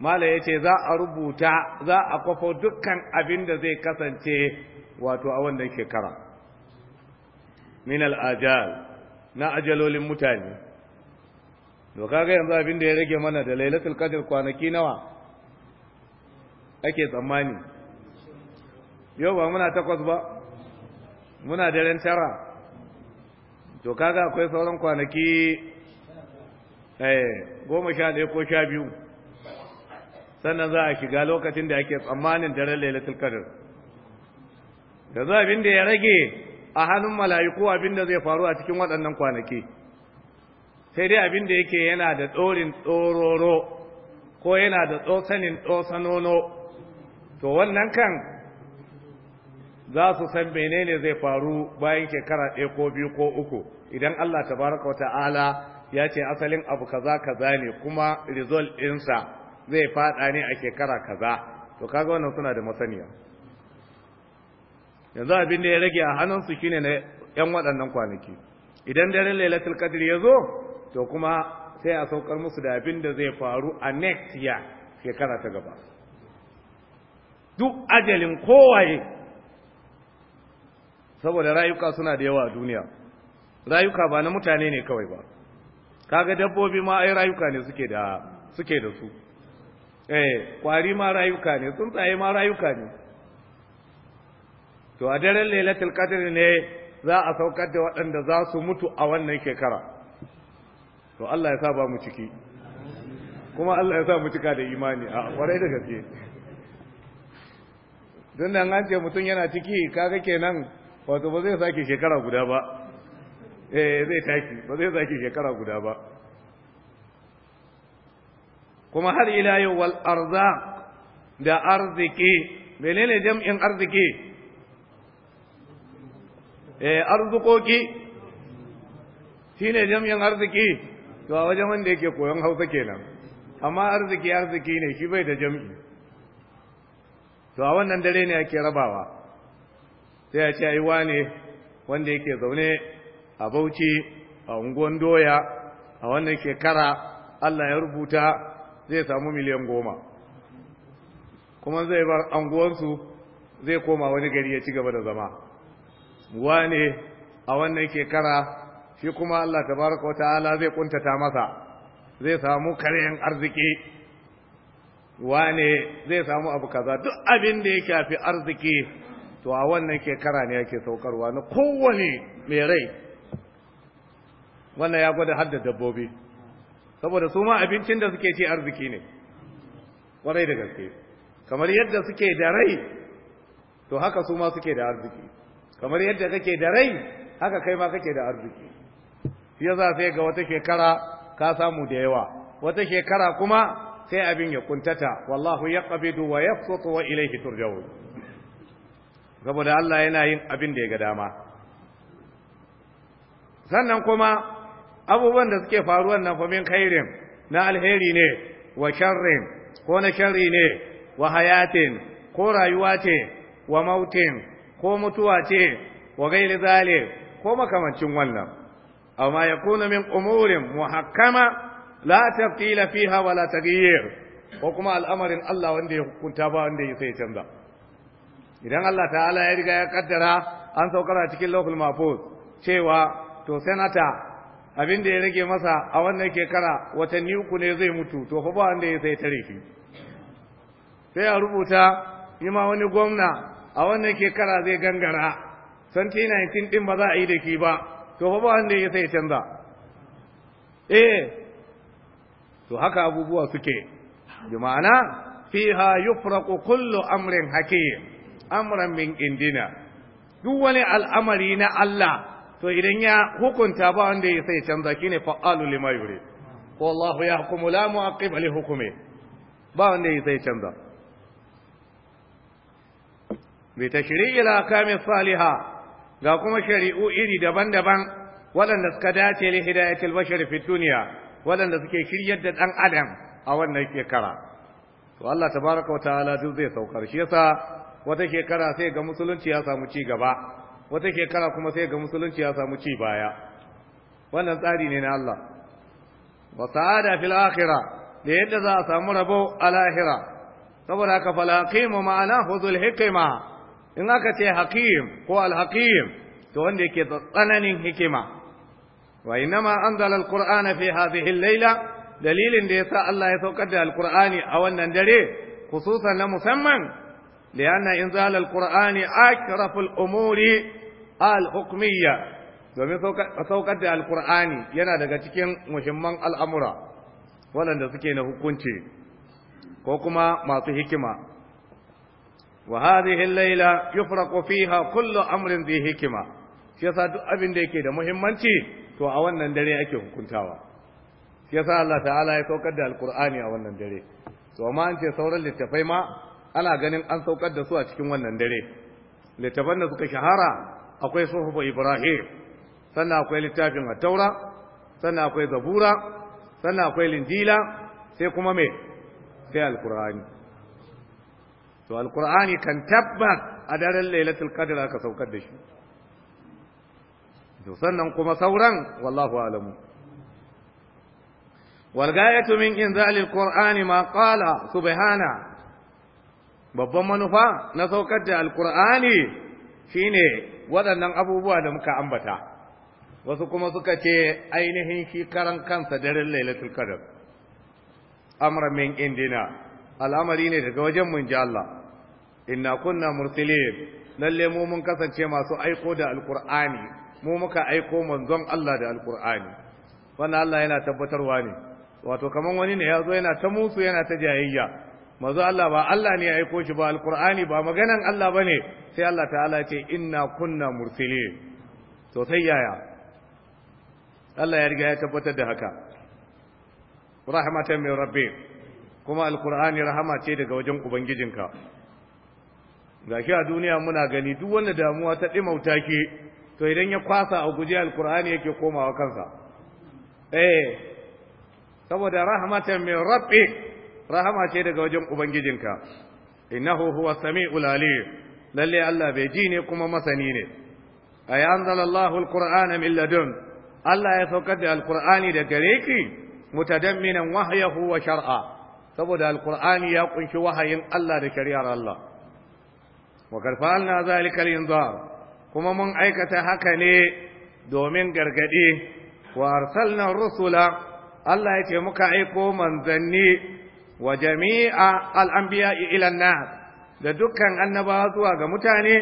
mala ya ce za a rubuta za a kwafo dukkan abin da zai kasance wato a wannan shekara min ajal na ajalolin mutane to kaga yanzu abin da ya rage mana da lailatul qadr kwanaki nawa ake tsammani yau ba muna takwas ba muna daren tara to kaga akwai sauran kwanaki eh goma sha ɗaya ko sha biyu sannan za a shiga lokacin da ake tsammanin daren lailatul qadr yanzu abin da ya rage a hannun mala'iku abin da zai faru a cikin waɗannan kwanaki sai dai abin da yake yana da tsorin tsororo ko yana da tsosanin tsosanono to wannan kan za su san menene zai faru bayan shekara ɗaya ko biyu ko uku idan Allah tabaraka wata'ala ya ce asalin abu kaza kaza ne kuma result ɗinsa zai faɗa ne a shekara kaza to kaga wannan suna da masaniya yanzu abin da ya rage a hannunsu shine na yan waɗannan kwanaki idan daren lailatul qadr ya zo to kuma sai a saukar musu da abin da zai faru a next year shekara ta gaba duk ajalin kowaye saboda rayuka suna da yawa a duniya rayuka ba na mutane ne kawai ba kaga dabbobi ma ai rayuka ne suke da suke da su eh kwari ma rayuka ne tsuntsaye ma rayuka ne to a daren lailatul qadr ne za a saukar da waɗanda za su mutu a wannan shekara to Allah ya sa ba mu ciki kuma Allah ya sa mu cika da imani a kwarai da gaske don nan an ce mutum yana ciki kaga kenan wato ba zai sake shekara guda ba eh zai taki ba zai sake shekara guda ba kuma har ila yau wal arzaq da arziki menene jam'in arziki eh shi shine jam'in arziki to a wajen wanda yake koyon hausa kenan amma arziki arziki ne shi bai da jam'i to a wannan dare ne ake rabawa sai a ce ai wane wanda yake zaune a bauchi a unguwan doya a wannan shekara Allah ya rubuta zai samu miliyan goma kuma zai bar anguwansu zai koma wani gari ya ci gaba da zama wane a wannan shekara shi kuma Allah tabaraka wata'ala zai kuntata masa zai samu karyan arziki wane zai samu abu kaza duk abin da ya shafi arziki to a wannan shekara ne yake saukarwa na kowane mai rai wannan ya gwada hadda dabbobi saboda su ma abincin da suke ci arziki ne kwarai da gaske kamar yadda suke da rai to haka su ma suke da arziki kamar yadda kake da rai haka kai ma kake da arziki shi yasa sai ga wata shekara ka samu da yawa wata shekara kuma sai abin ya kuntata wallahu yaqbidu wa yabsutu wa ilayhi turjau. saboda Allah yana yin abin da ya ga dama sannan kuma abubuwan da suke faruwan nan famin min khairin na alheri ne wa sharrin ko na sharri ne wa hayatin ko rayuwa ce wa mautin ko mutuwa ce wa gairi zale ko makamancin wannan amma ya kuna min umurin muhakkama la tafila fiha wala taghyir ko kuma al'amarin Allah wanda ya hukunta ba wanda ya sai canza idan Allah ta'ala ya riga ya kaddara an saukar a cikin lokul mafuz cewa to senata abin da ya rage masa a wannan wata watanni uku ne zai mutu to fa ba wanda ya sai tarihi sai a rubuta ma wani gwamna a wannan shekara zai gangara 2019 ɗin ba za a yi da shi ba to ba wanda ya sai canza eh to haka abubuwa suke bi ma'ana fiha yufraqu kullu amrin hakim amran min indina duk wani al'amari na Allah to idan ya hukunta ba wanda ya sai canza shine fa'alu lima Allah ya yahkumu la mu'aqqiba li hukume. ba wanda ya sai canza bi tashri'il ahkami Saliha, ga kuma shari'u iri daban-daban waɗanda suka dace li hidayatul bashar fi duniya waɗanda suke shiryar da ɗan adam a wannan shekara to Allah tabaraka wa ta'ala duk zai saukar shi yasa wata shekara sai ga musulunci ya samu ci gaba wata shekara kuma sai ga musulunci ya samu ci baya wannan tsari ne na Allah wa sa'ada fil akhirah da yadda za a samu rabo a lahira saboda haka falaqimu ma'ana huzul hikma in aka ce hakim ko al to wanda yake tsananin hikima wa ma anzalar Kur'an qurana fi hadhihi laila dalilin da yasa Allah ya saukar da al a wannan dare khususan na musamman lianna inzalar al-qur'ani akrafu al-umuri hukmiyya domin saukar da al yana daga cikin muhimman al'amura waɗanda suke na hukunci ko kuma masu hikima وهذه الليلة يفرق kullum amrin أمر ذي حكمة yasa duk abin da yake da muhimmanci to a wannan dare ake hukuntawa yasa Allah ta'ala ya saukar da alkur'ani a wannan dare to amma an ce sauran littafai ma ana ganin an saukar da su a cikin wannan dare littafan da suka shahara akwai suhufu ibrahim sannan akwai littafin at-taura sannan akwai zabura sannan akwai linjila sai kuma me sai alkur'ani to alqur'ani kan tabbat a daren lailatul qadr aka saukar da shi to sannan kuma sauran wallahu alamu gayatu min inzal alqur'ani ma qala subhana babban manufa na saukar da alkur'ani shine waɗannan abubuwa da muka ambata wasu kuma suka ce ainihin shi karan kansa daren lailatul qadr amra min indina al'amari ne daga wajen mun ji Allah inna kunna mursilin lalle mu mun kasance masu aiko da alqur'ani mu muka aiko manzon Allah da alqur'ani wannan Allah yana tabbatarwa ne wato kaman wani ne yazo yana ta musu yana ta jayayya manzo Allah ba Allah ne ya aiko shi ba alqur'ani ba maganan Allah bane sai Allah ta'ala ce inna kunna mursilin to sai yaya Allah ya riga ya tabbatar da haka rahmatan min rabbi kuma alkur'ani rahama ce daga wajen ubangijinka gashi a duniya muna gani duk wanda damuwa ta dimauta ke to idan ya kwasa a guje alkur'ani yake komawa kansa eh saboda rahmatan min rabbi rahama ce daga wajen ubangijinka innahu huwa sami'ul alim lalle Allah bai ji ne kuma masani ne ay anzalallahu alqur'ana min ladun Allah ya saukar da alqur'ani da gare ki mutadamminan wahyahu wa shar'a saboda alkur'ani ya kunshi wahayin Allah da shari'ar Allah wa karfa'alna zalika linzar kuma mun aikata haka ne domin gargadi wa arsalna rusula Allah ya ce muka aiko manzanni wa jami'a al-anbiya ila nas da dukkan annabawa zuwa ga mutane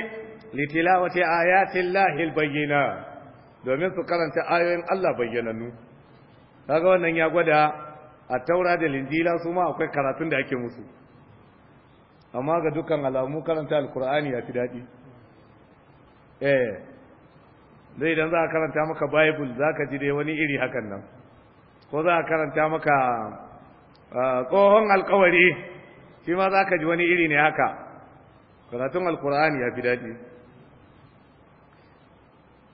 litilawati ayatillahi al-bayyinat domin su karanta ayoyin Allah bayyanannu kaga wannan ya gwada a taura da linjila su ma akwai karatun da ake musu amma ga dukkan alamu karanta alkur'ani ya fi daɗi eh zai idan za a karanta maka bible za ka ji dai wani iri hakan nan ko za a karanta maka tsohon alkawari shi ma za ka ji wani iri ne haka karatun alkur'ani ya fi daɗi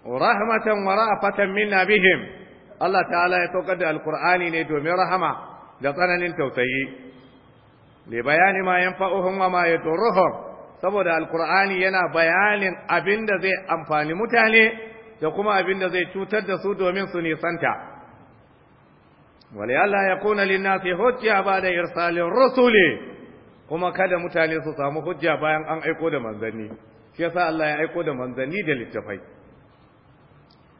rahmatan a fatan min bihim Allah ta'ala ya saukar da alkur'ani ne domin rahama da tsananin tausayi li bayani ma yanfa'uhum wa ma yadurruhum saboda alkur'ani yana bayanin abin da zai amfani mutane da kuma abin da zai cutar da su domin su nisanta ya ولئلا lin nasi hujja bada irsalir rusuli kuma kada mutane su samu hujja bayan an aiko da manzanni shi yasa Allah ya aiko da manzanni da littafai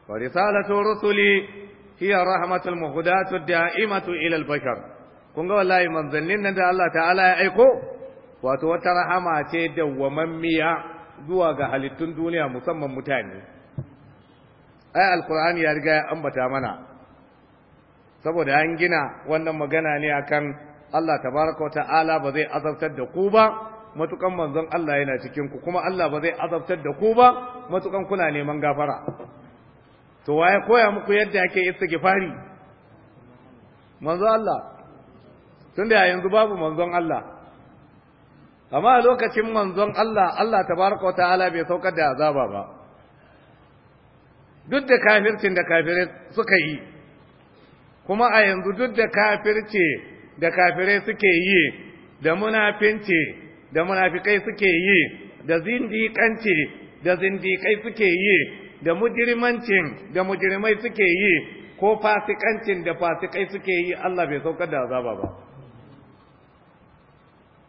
wa risalatu rusuli hiya rahmatul muhdatu da'imatu ila al-bashar kun ga wallahi manzannin nan da Allah ta'ala ya aiko wato wata rahama ce da miya zuwa ga halittun duniya musamman mutane ai alqur'ani ya riga ya ambata mana saboda an gina wannan magana ne akan Allah tabaraka wa ta'ala ba zai azabtar da ku ba matukan manzon Allah yana cikin ku kuma Allah ba zai azabtar da ku ba matukan kuna neman gafara to waye koya muku yadda ake istighfari manzo Allah tunda yanzu babu manzon Allah amma a lokacin manzon Allah Allah tabaraka wa ta'ala bai saukar da azaba ba duk da kafircin da kafirai suka yi kuma a yanzu duk da kafirce da kafirai suke yi da munafinci da munafikai suke yi da zindiƙanci da zindiƙai suke yi da mujirmancin da mujirmai suke yi ko fasikancin da fasikai suke yi Allah bai sauka da azaba ba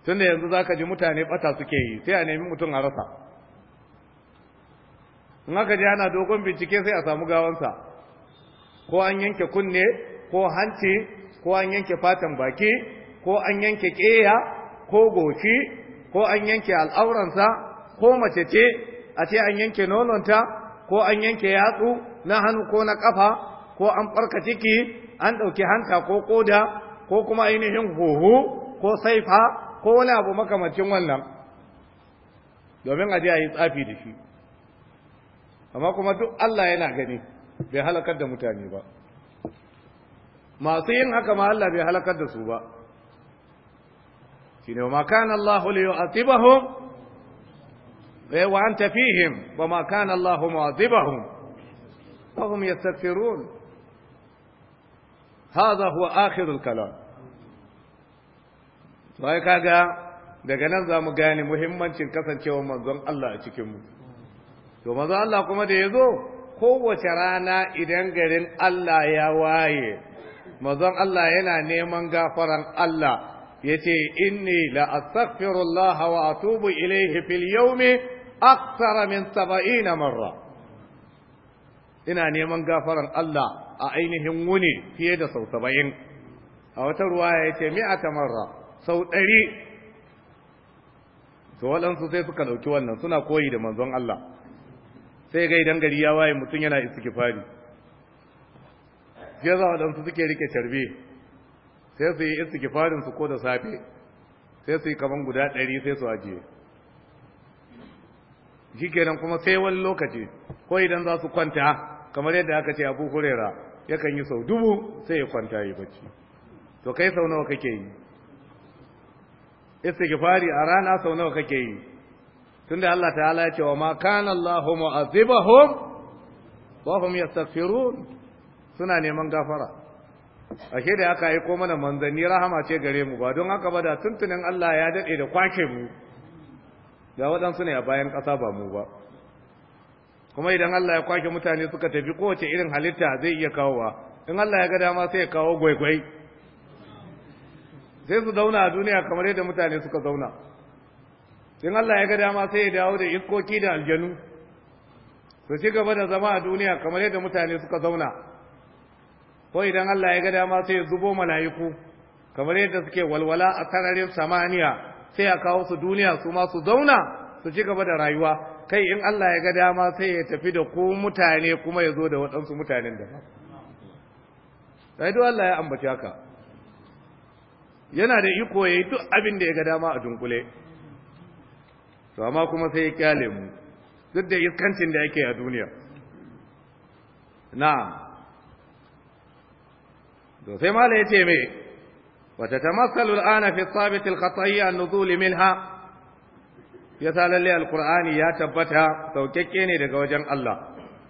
tunda yanzu zaka ji mutane bata suke yi sai a nemi mutum a rasa in aka ji ana dogon bincike sai a samu gawansa ko an yanke kunne ko hanci ko an yanke fatan baki ko an yanke keya ko goshi ko an yanke al'auransa ko mace ce a ce an yanke nononta ko an yanke yatsu na hannu ko na ƙafa ko an ɓarka ciki an ɗauki hanta ko ƙoda ko kuma ainihin huhu ko saifa ko wani abu makamacin wannan domin a je yi tsafi da shi amma kuma duk Allah yana gani bai halakar da mutane ba masu yin haka ma Allah bai halakar da su ba shine ma kana Allahu a yu'atibahum وأنت فيهم وما كان الله معذبهم وهم يستغفرون هذا هو آخر الكلام sai kaga daga nan za mu gane muhimmancin kasancewar manzon Allah a cikinmu to manzon Allah kuma da ya zo kowace rana idan garin Allah ya waye manzon Allah yana neman gafaran Allah ya ce inni la astaghfirullah wa atubu ilaihi fil yawmi أكثر min سبعين marra ina neman gafaran Allah a ainihin wuni fiye da sau 70 a wata ruwaya yace mi'ata marra sau 100 to waɗansu sai suka ɗauki wannan suna koyi da manzon Allah sai ga idan gari ya waye mutum yana istighfari sai za waɗansu suke rike carbe sai su yi ko da safe sai su yi kaman guda ɗari sai su ajiye kenan kuma sai wani lokaci ko idan za su kwanta kamar yadda aka ce abu hurera yakan yi sau dubu sai ya kwanta yi bacci to kai sau nawa kake yi fari a rana sau nawa kake yi tunda Allah ta'ala ya ce wa ma kana Allahu mu'azibahum wa hum yastaghfirun suna neman gafara ashe da aka aiko mana manzanni rahama ce gare mu ba don haka ba da tuntunin Allah ya dade da kwake mu ga waɗansu ne a bayan ƙasa ba mu ba kuma idan Allah ya kwake mutane suka tafi kowace irin halitta zai iya kawowa in Allah ya ga dama sai ya kawo gwaigwai sai su zauna a duniya kamar yadda mutane suka zauna in Allah ya ga dama sai ya dawo da iskoki da aljanu su ci gaba da zama a duniya kamar yadda mutane suka zauna ko idan Allah ya ga dama sai ya zubo mala'iku kamar yadda suke walwala a sararin samaniya sai a kawo su duniya su ma su zauna su ci gaba da rayuwa kai in Allah ya ga dama sai ya tafi da ku mutane kuma ya zo da waɗansu mutanen da sai duk Allah ya ambaci haka yana da iko ya yi duk abin da ya ga dama a dunkule to amma kuma sai ya kyale mu duk da iskancin da yake a duniya na'am to sai mala ce me وتتمثل الآن في الثابت الخطئي النزول منها يسأل لي القرآن يا تبتها توككيني دك وجن الله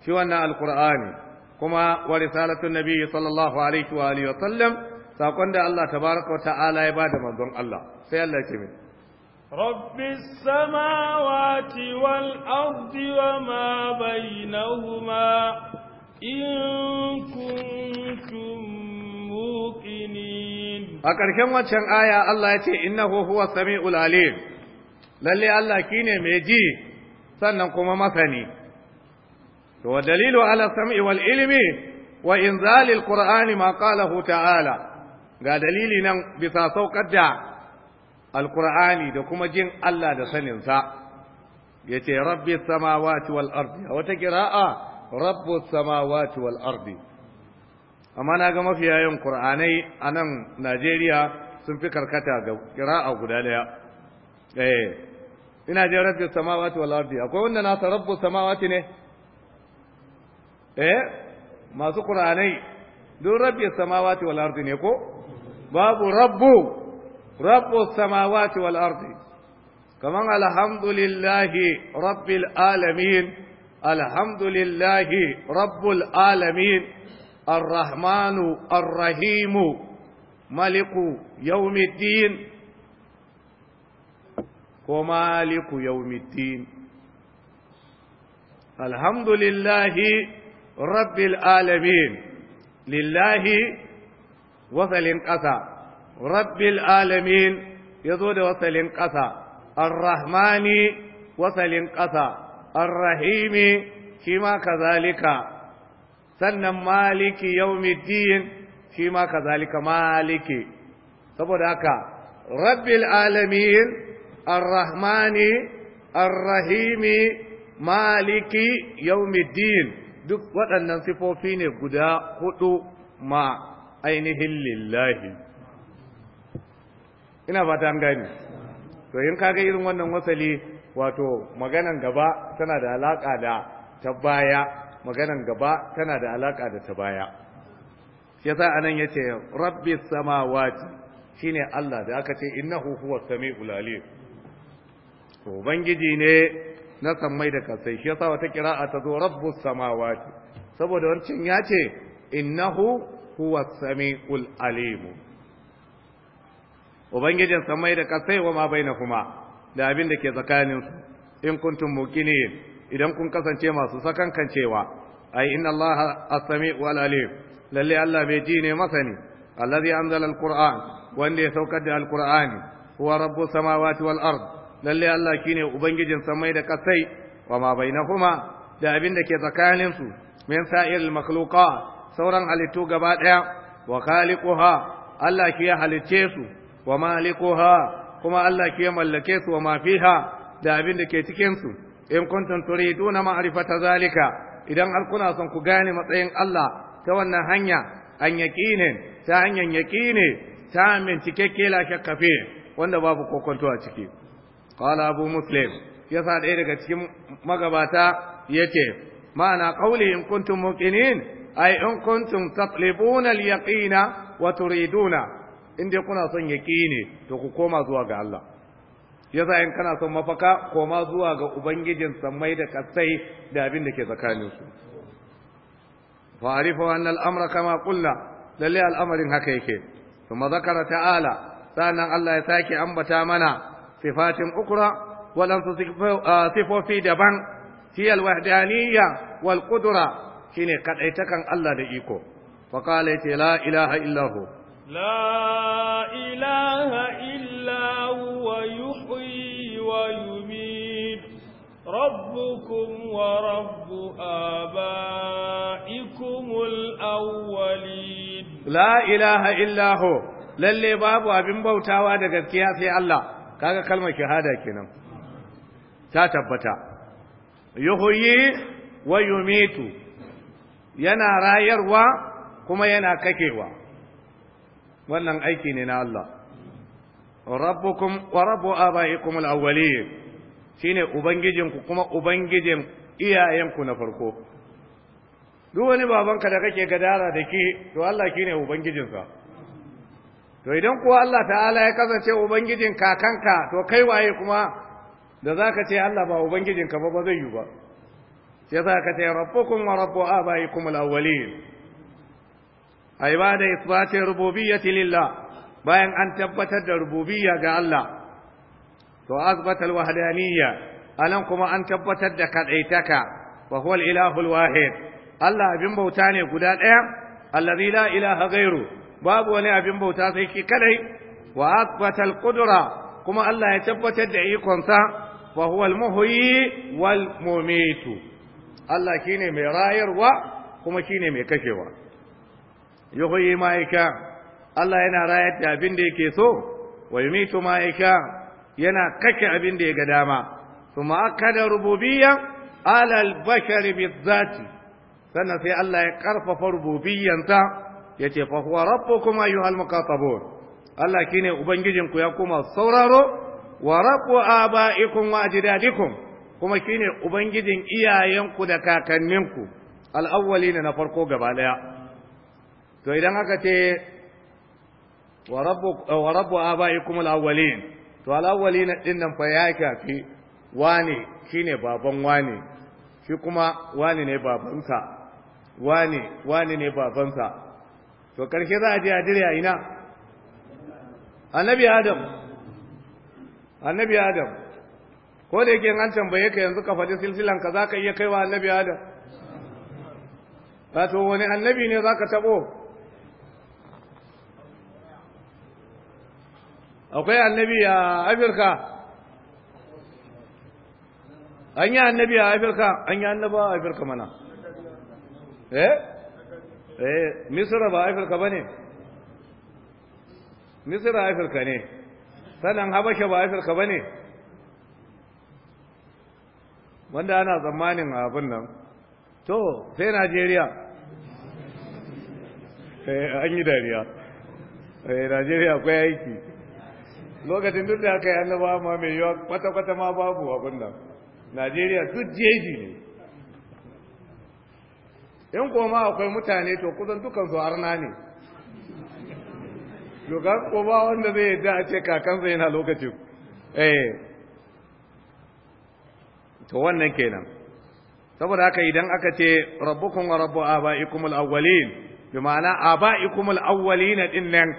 شو أن القرآن كما ورسالة النبي صلى الله عليه وآله وسلم سأقول الله تبارك وتعالى عبادة من الله سيالله كمين رب السماوات والأرض وما بينهما إن كنتم موقنين a ƙarshen waccan aya Allah ya ce inna huwa sami'ul alim lalle Allah kine mai ji sannan kuma masani to wa dalilu ala sam'i wal ilmi wa inzalil qur'ani ma qalahu ta'ala ga dalili nan bisa saukar da alqur'ani da kuma jin Allah da sanin sa yace rabbi samawati wal ardi wata qira'a rabbu samawati wal ardi amma na ga mafiya yin qur'anai a nan Najeriya sun fi karkata ga a guda daya eh ina je rabbi samawati wal ardi akwai wanda na rabbu samawati ne eh masu qur'anai duk rabbi samawati wal ardi ne ko babu rabbu rabbu samawati wal ardi kaman alhamdulillahi rabbil alamin alhamdulillahi rabbul alamin الرحمن الرحيم ملك يوم الدين ومالك يوم الدين الحمد لله رب العالمين لله وصل قصى رب العالمين يزود وصل قصى الرحمن وصل قصى الرحيم كما كذلك sannan maliki yawmiddin shi ma kazalika maliki saboda haka rabbil alamin arrahmani arrahimi maliki yawmiddin duk waɗannan sifofi ne guda hudu ma ainihin lillahi ina fata an gani to in kaga irin wannan wasali wato maganan gaba tana da alaƙa da ta baya maganan gaba tana da alaka da ta baya yasa anan yace rabbis samawati shine Allah da aka ce innahu huwa samiul alim to ubangiji ne na mai da kasai shi yasa wata kira'a ta zo rabbus samawati saboda wancan ya ce innahu huwa samiul alim ubangijin mai da kasai wa ma bainahuma da abin da ke tsakanin in kuntum muqinin idan kun kasance masu sakankancewa ai inna Allah as-sami'u al-alim lalle Allah mai ji ne masani allazi anzala al-qur'an wanda ya saukar da al-qur'ani huwa rabbus samawati wal ard lalle Allah kine ubangijin samai da kasai wa ma bainahuma da abin da ke tsakanin su min sa'iril makhluqat sauran halittu gaba daya wa khaliquha Allah ki ya halicce su wa malikuha kuma Allah ki ya mallake su wa ma fiha da abin da ke cikin su in kuntum turiduna ma'rifata zalika idan har kuna son ku gane matsayin Allah ta wannan hanya an yaqine ta hanyar yaqine ta min cikakke la shakka wanda babu kokonto a ciki qala abu muslim yasa ɗaya daga cikin magabata yace ma'ana qawli in kuntum muqinin ay in kuntum taqlibuna al-yaqina wa turiduna inda kuna son yaqine to ku koma zuwa ga Allah yasa in kana son mafaka koma zuwa ga ubangijin samai da katsai da abin da ke tsakanin su fa arifa anna al-amra kama qulna lalle al'amarin haka yake kuma zakara ta'ala sanan Allah ya sake ambata mana sifatin ukra walan sifofi daban fi al-wahdaniyya wal qudra shine kadaitakan Allah da iko fa qala la ilaha illahu لا إله إلا هو يحيي ويميت ربكم ورب آبائكم الأولين لا إله إلا هو lalle babu abin bautawa da gaskiya sai Allah kaga kalmar shahada kenan ta tabbata yuhyi wa yumitu yana rayarwa kuma yana kakewa wannan aiki ne na Allah rabbukum wa rabbu abaikum alawwalin shine shine ubangijinku kuma ubangijin iyayenku na farko duk wani babanka da kake gadara da ke to Allah shine ubangijinsa to idan kuwa Allah ta'ala ya kasance ubangijin kakanka to kai waye kuma da zaka ce Allah ba ubangijinka ba ba zai yi ba sai ka ce rabbukum wa rabbu abaikum alawwalin ai ba da isbati rububiyyati lillah bayan an tabbatar da rububiyya ga Allah to azbata alwahdaniyya anan kuma an tabbatar da kadaitaka wa huwa wahid Allah abin bauta ne guda daya allazi la ilaha ghairu babu wani abin bauta sai ki kadai wa azbata qudra kuma Allah ya tabbatar da ikonsa fa huwa al-muhyi wal mumitu Allah shine mai rayarwa kuma shine mai kashewa ya hoye Allah yana rayar da abin da yake so, wa yi mito yana kake abin da ya ga dama, su ma’aka da rububiyan alalbashar bizzati, sannan sai Allah ya ƙarfafa rububiyanta ya ce, Fahuwa rabbo kuma yi halmuka sabo, Allah kine ne Ubangijinku ya kuma sauraro, wa rabbo a ba’ikun wa ji kuma kine Ubangijin iyayenku da kakanninku, al’awwali ne na farko gaba ɗaya. to idan haka ce wa rabbu abaikum kuma awwalin to al na din nan fa ya kafi wani ne baban wani shi kuma wani ne babansa wani wani ne babansa to ƙarshe za a je a dire a ina annabi adam annabi adam ko da yake an tambaye ka yanzu ka faɗi silsilan ka za ka iya kaiwa annabi adam wato wani annabi ne za ka taɓo akwai annabi a afirka an yi annabi a afirka an yi annaba a afirka mana eh eh misira ba afirka ba ne misira afirka ne sannan habasha ba afirka ba ne wanda ana tsammanin abin nan to sai najeriya eh, an yi dariya eh, najeriya akwai aiki lokacin duk da aka yi annaba ma mai yawa kwata-kwata ma babu abin nan najeriya duk jeji ne in koma akwai mutane to kusan dukan su na ne dokan koma wanda zai da a ce kakansa yana lokacin eh to wannan kenan saboda haka idan aka ce rabbukun wa rabbu abaikum al-awwalin bi ma'ana a al-awwalin din nan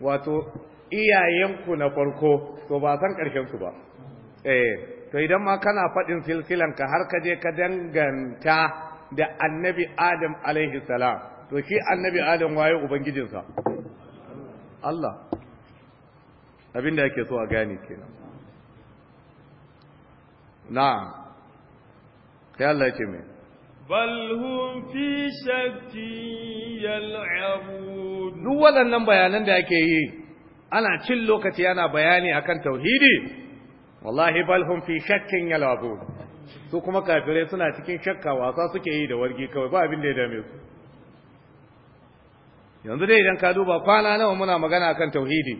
wato iyayenku na farko to ba san ƙarshen su ba eh to idan ma kana faɗin silsilan ka har ka je ka danganta da annabi adam alaihi salam to shi annabi adam waye ubangijinsa Allah abin da yake so a gani kenan na sai Allah ya ce mai bal hum fi shakki yal'abun duk waɗannan bayanan da ake yi ana cin lokaci yana bayani akan tauhidi wallahi balhum fi shakkin yalabu su kuma kafirai suna cikin shakka wasa suke yi da wargi kawai ba abin da ya dame su yanzu dai idan ka duba kwana nawa muna magana akan tauhidi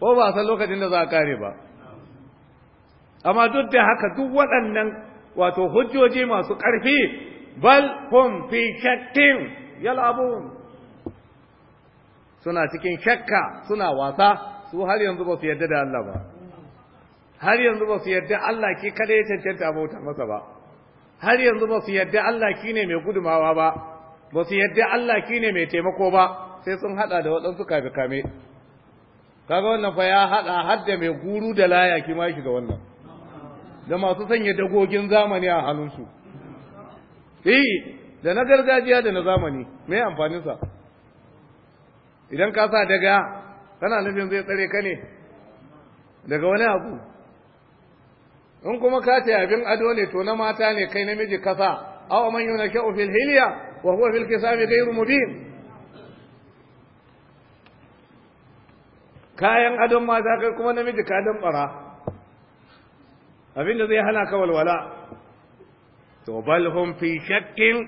ko ba san lokacin da za a kare ba amma duk da haka duk waɗannan wato hujjoji masu ƙarfi bal hum fi shakkin yalabu suna cikin shakka suna wasa su har yanzu ba su yarda da Allah ba har yanzu ba su yarda Allah ki kada ya cancanta bauta masa ba har yanzu ba su yarda Allah ki ne mai gudumawa ba ba su yarda Allah ki ne mai taimako ba sai sun hada da waɗansu kafe kame kaga wannan fa ya hada har da mai guru da laya ki ma shiga wannan da masu sanya dagogin zamani a hannunsu eh da na gargajiya da na zamani me amfaninsa idan ka sa daga kana nufin zai tsare ka ne daga wani abu in kuma ka ce abin ado ne to na mata ne kai namiji ka sa aw man yunashau fil hilya wa huwa fil kisami ghayru mubin kayan adon mata kai kuma namiji ka dan bara abin da zai hana ka walwala to bal hum fi shakkin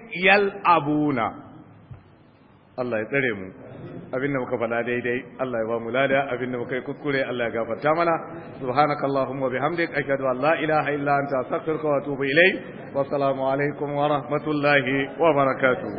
abuna. Allah ya tsare mu abin da muka faɗa daidai Allah ya ba mu lada abin da muka yi kuskure Allah ya gafarta mana subhanakallahumma bihamdik ashhadu an la ilaha illa anta astaghfiruka wa atubu ilayk wa assalamu alaikum wa rahmatullahi wa barakatuh